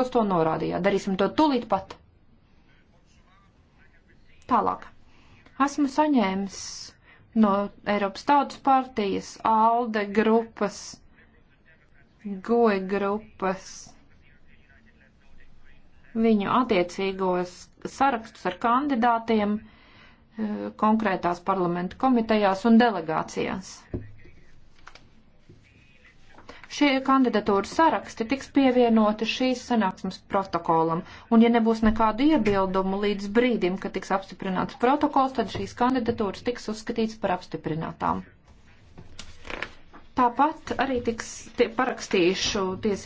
Jūs to norādījāt. Darīsim to tūlīt pat. Tālāk. Esmu saņēmis no Eiropas Tautas partijas, ALDE grupas, GOE grupas, viņu attiecīgos sarakstus ar kandidātiem eh, konkrētās parlamenta komitejās un delegācijās. Šie kandidatūra saraksti tiks pievienoti šīs sanāksmes protokolam, un ja nebūs nekādu iebildumu līdz brīdim, kad tiks apstiprināts protokols, tad šīs kandidatūras tiks uzskatīts par apstiprinātām. Tāpat arī tiks tie, parakstīšu tiesību.